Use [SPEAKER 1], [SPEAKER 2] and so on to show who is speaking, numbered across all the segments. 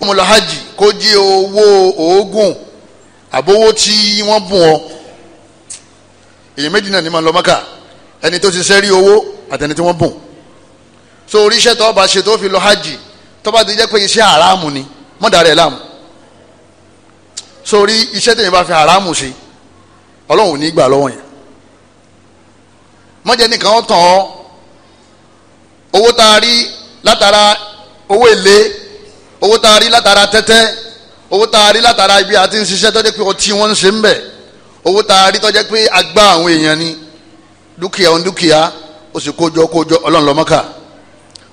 [SPEAKER 1] ọmọlàhájì kó jẹ́ owó oògùn àbówó tí wọ́n bùn ọ èyí méjì náà ni máa lọ mọ́kà ẹni tó ti sẹ́rí owó àtẹni tí wọ́n bùn so oríṣẹ́ tó bá ṣe tó fi lọ hajj tó bá ti jẹ́ pé iṣẹ́ àràmù ni mọ́dà rẹ̀ láàmú so orí iṣẹ́ tẹ̀yìn bá fi àràmù ṣe ọlọ́run ò ní gbà lọ́wọ́ yẹn mọ́jẹ́ nìkan tán owó tá a rí látara owó èlé owó tá a rí látara tẹ́tẹ́ owó tá a rí látara ibi àti ń ṣiṣẹ́ tó jẹ́ pé ọtí wọ́n ń ṣe ń bẹ̀ owó tá a rí tó jẹ́ pé agbá àwọn èèyàn ni dúkìá òun dúkìá ó sì kójọ kójọ ọlọ́run lọ́mọ́kà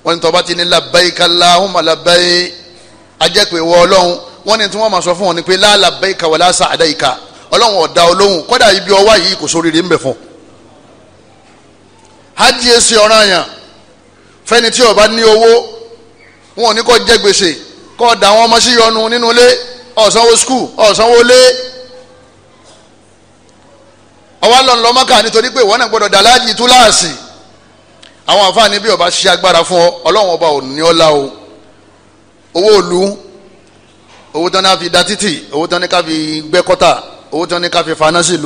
[SPEAKER 1] wọ́n ní tọ́ba ti ní labbaik Allahumma labbaik ajẹ́pẹ̀ wọ ọlọ́run wọ́n ní tí wọ́n máa sọ fún wọn ni pé la labbaika wala sa'daika ọlọ́run ọ̀dà olóhùn kọ́dà ibi ọwá yìí kò sóríire ń bẹ̀ fún. hajj esi ọ̀ranyàn fẹ́ni tí ó bá ní owó wọn ò ní kọ́ jẹ́ gbèsè kọ́ da àwọn ọmọ sí yọnu nínú ilé ọ̀sánwó skul ọ̀sánwó lé ọwọ́ lọ́n lọ́ mọ́kà nítorí pé ìwọ́n náà gbọ́dọ̀ dà láàyè túláàsì àwọn àǹfààní bí ọba ṣiṣẹ́ agbára fún ọ ọlọ́run ọba ò ní ọlá o owó òlu owó tán fi da títì owó tán ká fi gbẹ́ kọ́tà owó tán fi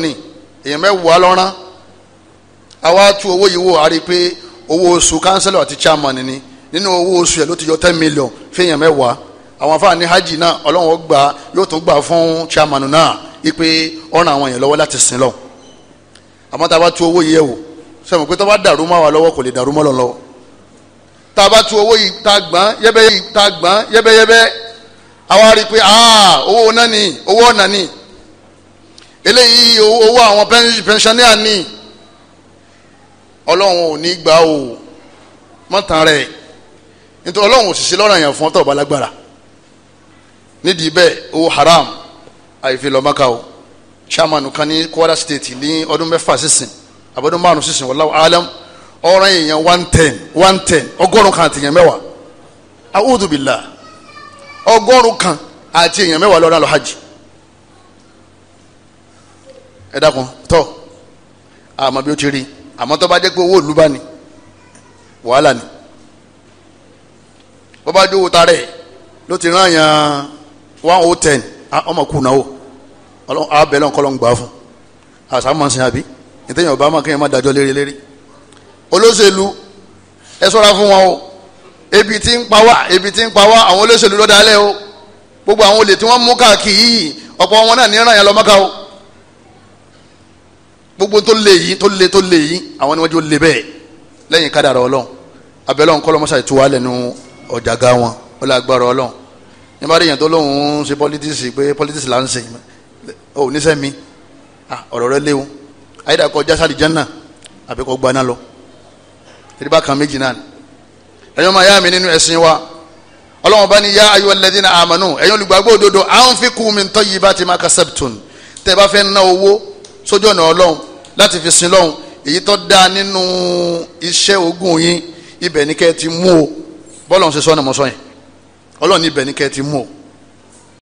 [SPEAKER 1] ni èèyàn wa lọ́rán àwa tú owó yìí wò á rí i pé owó oṣù kánsẹ́lọ̀ àti chairman ni nínú owó oṣù yẹn ló ti yọ ten million fẹ́yàn mẹ́wàá àwọn afáà ní hajj náà ọlọ́run gbà yóò tún gbà fún chairman náà ipe ọ̀ràn àwọn èèyàn lọ́wọ́ láti sin lọ àmọ́ tá a bá tú owó yìí yẹ̀ wò sọ̀rọ̀ pé tó bá dàrú mọ́ wa lọ́wọ́ kò lè dàrú mọ́ lọ lọ́wọ́ tá a bá tú owó yìí tá a gbọ́n yẹ́bẹ́yẹ́bẹ́ àwa rí i pé owó náà ni owó ọ̀nà ni eléyìí owó àwọn pẹnṣánìà ní ọlọ́run ò ní gbà o mọ́tàn rẹ̀ nítorí ọlọ́run òṣìṣẹ́ lọ́rọ̀ yẹn fún ọtọ̀ balagbara nídìí bẹ́ẹ̀ owó haram àìfi lọ maka o sàmánu kan ní Kwara state ní ọdún mẹ́fà sísìn àbọ̀dún márùn sísìn wallahu alam ọ̀ràn èèyàn one ten one ten ọgọ́rùn kan àti èèyàn mẹ́wàá a'udhu billah ọgọ́rùn kan àti èèyàn mẹ́wàá lọ́rọ̀ àlọ́ ẹ dákun tọ́ àmọ́ bí ó ti rí àmọ́ tó bá jẹ́ pé owó ìlú bá ní wàhálà ni bó bá jó wo tarẹ̀ ló ti rán yàn one oh ten ọmọ kùnà o abẹ́lẹ́ ọ̀kọ́ ló ń gbà fún àṣà máa ń sin àbí ìtẹ̀yìn ọba máa kéèyàn má dájọ́ lérí lérí olóṣèlú ẹ sọ́ra fún wọn o ebi tí ń pa wá ebi tí ń pa wá àwọn olóṣèlú lọ́dọ̀ alẹ́ o gbogbo àwọn olè tí wọ́n mú káàkiri yìí ọ̀pọ̀ wọn náà ní ràn lọ́mọ́ká o gbogbo tó lé yìí tó lé tó lé yìí àwọn níwájú lé bẹ́ẹ̀ lẹ́yìn kádàrá ọlọ́run abẹ́lẹ́ ọ̀hún kọ́lọ́mọ́sá ìtura lẹ́nu ọ̀jàgá wọn ó lè agbára ọlọ́run ní bá rí èèyàn tó lóun ń ṣe pọ́lítíìsì pé pọ́lítíìsì là ń ṣe ò níṣẹ́ mi ọ̀rọ̀ rẹ léwu ayédàkọ jásàlì jẹ́nà àbíkọ́ gbaná lọ ìdíbà kan méjì náà ẹ̀yọ́ máa yá mi nínú ẹ̀sìn wa ọlọ́run bá ní yá ayọ́ alladhina amanu ẹ̀yọ́ olùgbàgbọ́ òdodo anfiqu min tayyibati ma kasabtum tẹ́ bá fẹ́ ná owó sójú ọ̀nà ọlọ́run láti fi sin lọ́run èyí tó dáa nínú iṣẹ́ ogun yín ibẹ̀ ni kẹ́ ẹ ti mú o bọ́lọ̀ ń ṣe sọ́nà mọ́sọ́ yẹn ọlọ́run ní ibẹ̀ ni kẹ́ ẹ ti mú o